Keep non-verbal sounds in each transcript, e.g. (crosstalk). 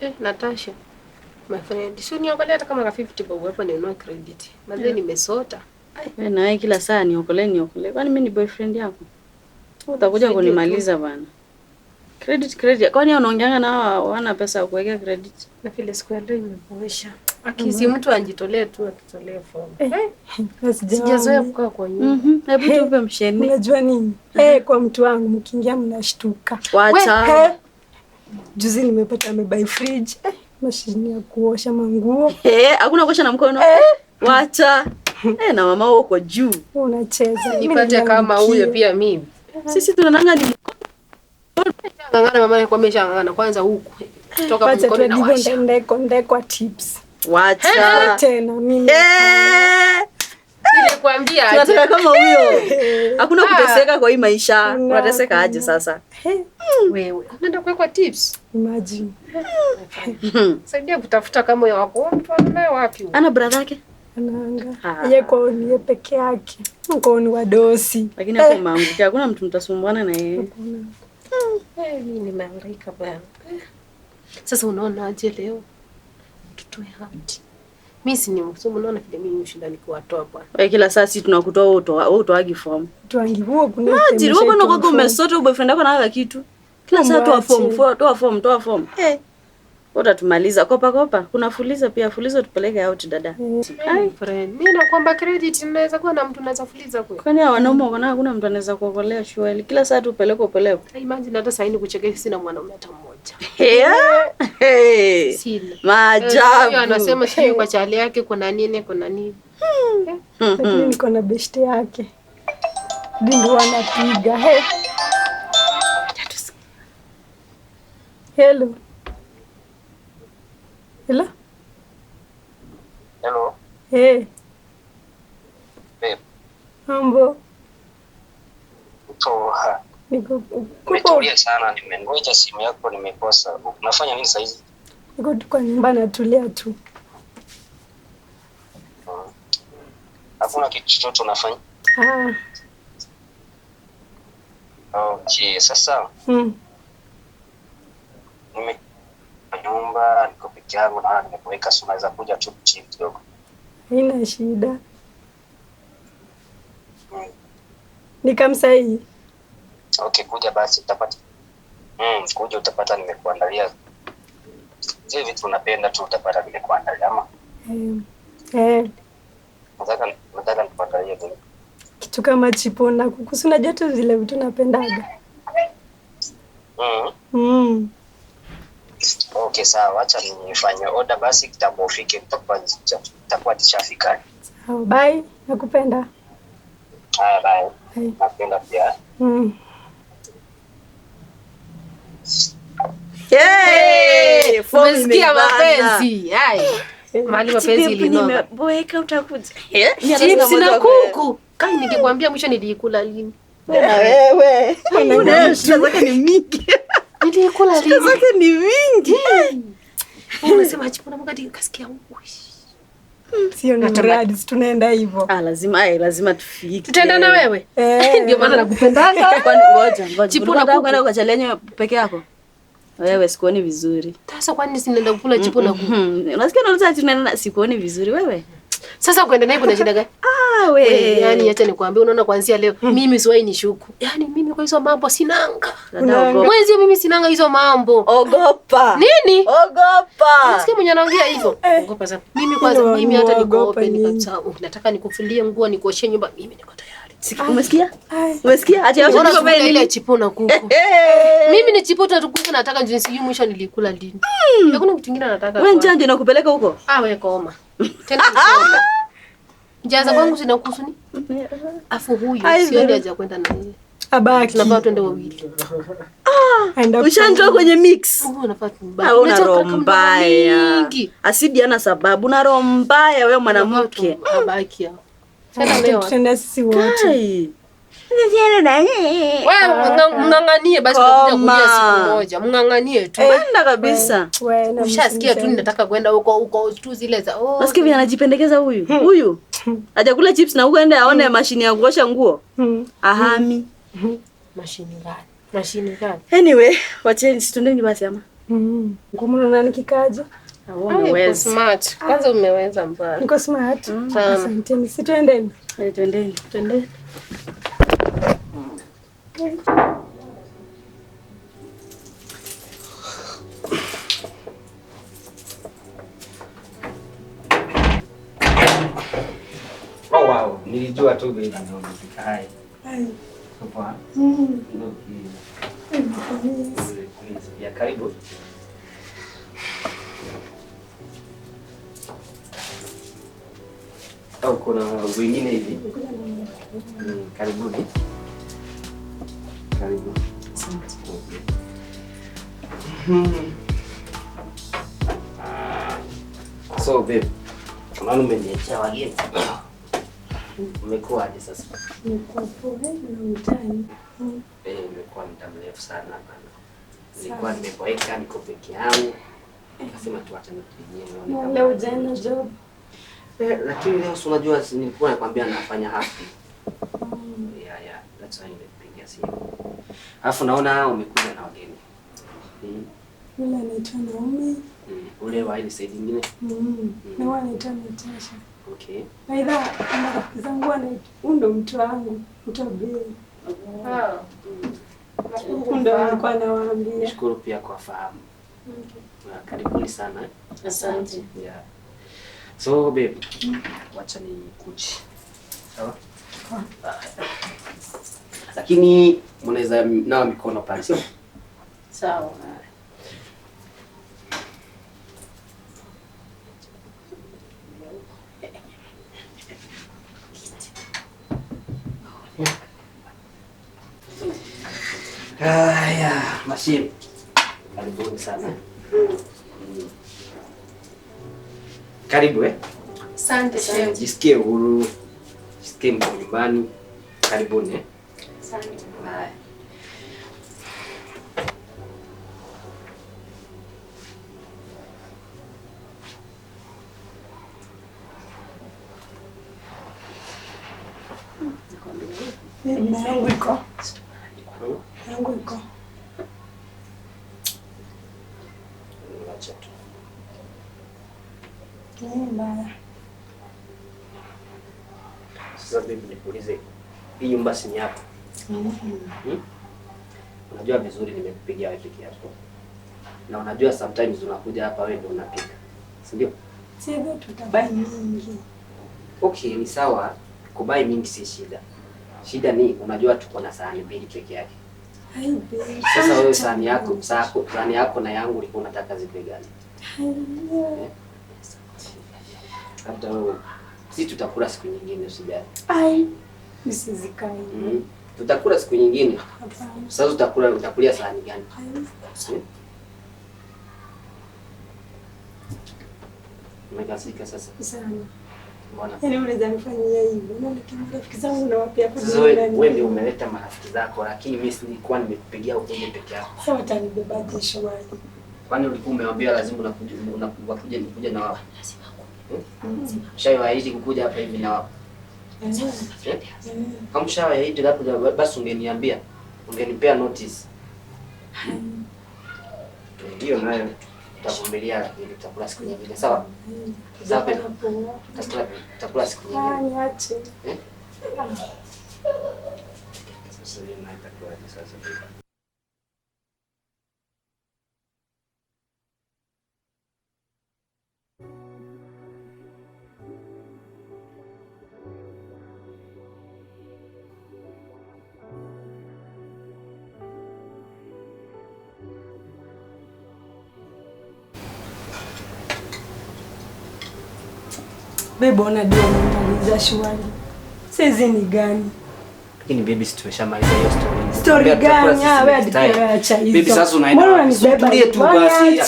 Eh, Natasha. My friend, si uniokolee hata kama rafiki bob hapa ninunue credit. Mazee yeah. Nimesota. Wewe na wewe kila saa niokolee niokolee. Kwani mimi ni boyfriend yako? Utakuja kunimaliza bwana. Credit credit. Kwani unaongeanga na hawa wana pesa ya kuwekea credit? Na vile siku ya leo nimekuisha. Akizi mm-hmm. mtu anjitolee tu akitolee form. Eh. eh sijazoea kukaa kwa nyumba. Mhm. Hebu tupe msheni. Unajua nini? Eh, kwa mtu wangu mkiingia mnashtuka. Wacha. Juzi nimepata amebuy fridge, eh, mashini ya kuosha manguo. Eh, hakuna kuosha na mkono. Eh, wacha. Eh, na mama uko juu. Unacheza. Nipate kama huyo pia mimi. Sisi tunananga ni ng'ang'ana mama yako ameshang'ang'ana kwanza huku. Kutoka mkono na washa. Ndeko ndeko tips. Wacha. Tena mimi. Eh. Nilikwambia Tunataka kama huyo. (laughs) Hakuna ah. kuteseka kwa hii maisha. Unateseka aje sasa? Hmm. Wewe. Unaenda kuwekwa tips. Imagine. Hmm. Saidia kutafuta kama yako mtu anaye wapi? Ana brother yake. Ananga. Ah. Yeye kwa ni peke yake. Mko ni wadosi. Lakini hapo maangukia hakuna mtu mtasumbuana na yeye. Hakuna. Hmm. Eh, mimi nimehangaika bwana. Eh. Sasa unaona aje leo? Mtoto wewe hapti. Mimi si ni msomo naona kile mimi nishinda nikiwatoa bwana. Wewe kila saa si tunakutoa wewe utoa wewe utoagi form. Tuangi huo kuna. Mati wewe bwana kwa umesota boyfriend yako na kitu. Kila saa toa form, toa form, toa form. Eh. Utatumaliza kopa kopa. Kuna fuliza pia, fuliza tupeleke out dada. Mm. Ai friend. Mimi na kwamba credit inaweza kuwa na mtu naweza fuliza kwa. Kwani hawa wanaume wanaona hakuna mtu anaweza kuokolea shweli. Kila saa tu upeleke upeleke. Imagine hata saini kuchekesha na mwanaume hata mmoja. (laughs) Ah! Hey. Sina. Maajabu. Yeye Anasema sio kwa chali yake kuna nini kuna nini. Lakini niko na best yake. Ndio anapiga. Hey. Hello. Hello. Hello. Hey. Babe. Mambo? Toa. Uh, niko nimetulia sana, nimengoja simu yako nimekosa. Unafanya nini saa hizi? Niko tu kwa nyumba natulia tu. Hmm. Hakuna kitu chochote unafanya? Ah. Okay, sasa. Mm. Nime nyumba peke yangu, naona nimekuweka, si unaweza kuja tu chini kidogo. Haina shida mm. Nikamsahii okay, kuja basi utapata mm, kuja utapata nimekuandalia zile vitu unapenda tu, utapata nimekuandalia ama mm. Eh. Nataka nikuandalia nini? Kitu kama chipona kuku, si unajua tu zile vitu napendaga mm. Mm. Okay, sawa, acha nifanye oda basi, kitambo ufike, kitakuwa nishafika. Sawa, bye, nakupenda. Haya, bye. Bye. Nakupenda pia. Mm. Hey, umesikia mapenzi. Hai. mapenzi ilinoma. utakuja. Eh? Chips na kuku. Kai ningekwambia mwisho nilikula lini. Wewe. ni miki. (laughs) Nilikula lini? Shida zake ni Unasema mkati kasikia hmm, Sio ni mradi tunaenda hivyo. Ah, lazima eh, lazima tufike. Tutaenda na wewe? Eh. Ndio maana (laughs) Kwani ngoja, ngoja. kuku na peke yako. Wewe sikuoni vizuri. Sasa kwani sinaenda kukula kuku? Unasikia unauliza sikuoni vizuri wewe? Sasa kuenda naye kuna shida gani? (laughs) Ah, we. We, Yaani acha nikwambie, unaona kuanzia leo mm. mimi siwahi ni shuku. Yaani mimi kwa hizo mambo sinanga. Mwenzio mimi sinanga hizo mambo. Ogopa. Nini? Ogopa. Unasikia mwenye anaongea hivyo? Eh. Ogopa sana. Mimi kwanza no, mimi hata niko ni kabisa. Uh, nataka nikufulie nguo, nikuoshe nyumba, mimi niko tayari. Sikia, umesikia? Umesikia? Acha yao kwa kama ile chipo na kuku. (laughs) Eh, Mimi ni chipo tu kuku, nataka jinsi hiyo mwisho nilikula lini. Hmm. Hakuna kitu kingine nataka. Wewe njaa ndio inakupeleka huko? Ah, wewe koma ushanta Njia za kwangu zinakuhusu ni? Afu huyu aje kwenda na yeye. Abaki. twende wawili. Ah, kwenye mix. Wewe roho mbaya. Asidi ana sababu na roho mbaya wewe mwanamke. Abaki. sisi wote. Wewe mng'ang'anie ah, ah. basi utakuja siku moja. Mng'ang'anie tu. Enda kabisa. Ushasikia tu ninataka kwenda huko huko tu zile za oh. Nasikia vile anajipendekeza huyu. Hmm. Huyu. Hajakula hmm. chips na huko ende aone hmm. mashini ya kuosha nguo. Ahami. Mashini gani? gani? Anyway, wacheni situndeni basi ama. Ngumu na nani ah. Kwanza umeweza Niko smart. Asanteni. Situendeni. Twendeni. Twendeni. Oh, Nilijua tu Ya mm-hmm. karibu. Au kuna wengine hivi? Mm, karibuni. Karibu. Hmm. So babe, maana umeniachia wageni. Umekuwa sasa? Eh, eh, nimekuwa muda mrefu sana bana. Nilikuwa nimeboeka niko peke yangu. Nikasema tuachane wenyewe. Leo jana job. Eh, lakini leo si unajua nilikuwa nakwambia nafanya hafi. Mm. Yeah, yeah, that's why kazini. Alafu naona umekuja na wageni. Mm. Yule anaitwa Naomi. Mm. Ule wa ile side nyingine. Mm. Na wao anaitwa Natasha. Okay. Aidha, kama rafiki zangu ana undo mtu wangu, mtu wa Bill. Ah. Oh. Ndio alikuwa anawaambia. Nashukuru pia kwa fahamu. Okay. Na ah, Karibuni sana. Eh. Asante. Yeah. So babe, mm. Wacha ni kuchi. Sawa? Ah lakini mnaweza nawa mikono pale, sio sawa? Haya, mashimu, karibuni sana. Karibu eh. Asante sana. Jisikie huru, jisikie mko nyumbani. Karibuni eh. yangu iko yangu iko Sasa bibi, nikuulize, hii nyumba si yako? Mm-hmm. Hmm? Unajua vizuri nimekupigia wewe peke yako, na unajua sometimes unakuja hapa wewe ndio unapiga, si ndio? Sivyo tutabai mingi. Okay, ni sawa, kubai mingi si shida Shida ni unajua tuko na sahani mbili peke yake. Sasa wewe sahani yako, sahani yako sahani yako na yangu ulikuwa unataka zipe gani? Eh? Labda wewe si tutakula siku nyingine usijali. Ai, msizikae. Mm. Tutakula siku nyingine. Sasa utakula utakulia sahani gani? Eh? Umekasika sasa. Sahani. Yaani unaweza nifanyia hivyo. Na rafiki zangu na wapi hapo duniani. Wewe ndio umeleta marafiki zako lakini mimi nilikuwa nimekupigia ukuje peke yako. Sasa utanibebaje shwari? Kwani ulikuwa umewaambia lazima unakuja unakuja nikuja na wao. Mshaiwaahidi hmm? kukuja hapa hivi na wao. Eh, eh. Hmm? Kama mshaiwaahidi labda basi ungeniambia, ungenipea notice. Hmm. Ndio nayo. tutakimbilia ili tutakula siku nyingine, sawa? Tutakula siku nyingine. Bebe, na dia nimemaliza shughuli. Sezi ni gani? Lakini baby, si tumeshamaliza hiyo story. Story gani? Ah, wewe hadi wewe acha hizo. Baby, sasa unaenda wapi? Tulie tu basi.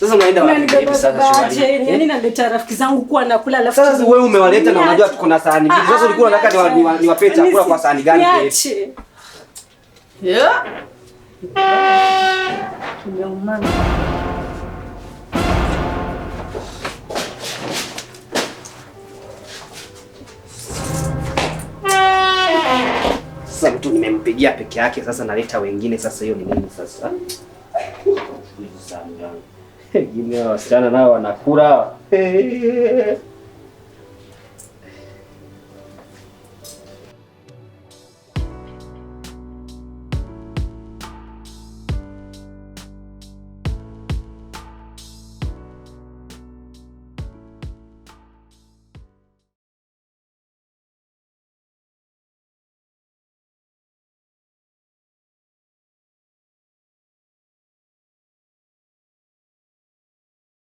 Sasa unaenda wapi baby? Sasa shughuli. Yaani naleta rafiki zangu kuwa nakula alafu sasa wewe umewaleta na unajua tuko na sahani. Ah, sasa ah, ulikuwa unataka niwape chakula kwa sahani gani baby? Yeah. Tumeumana. sasa mtu nimempigia peke yake, sasa naleta wengine, sasa hiyo ni nini sasa? Wasichana nao wanakula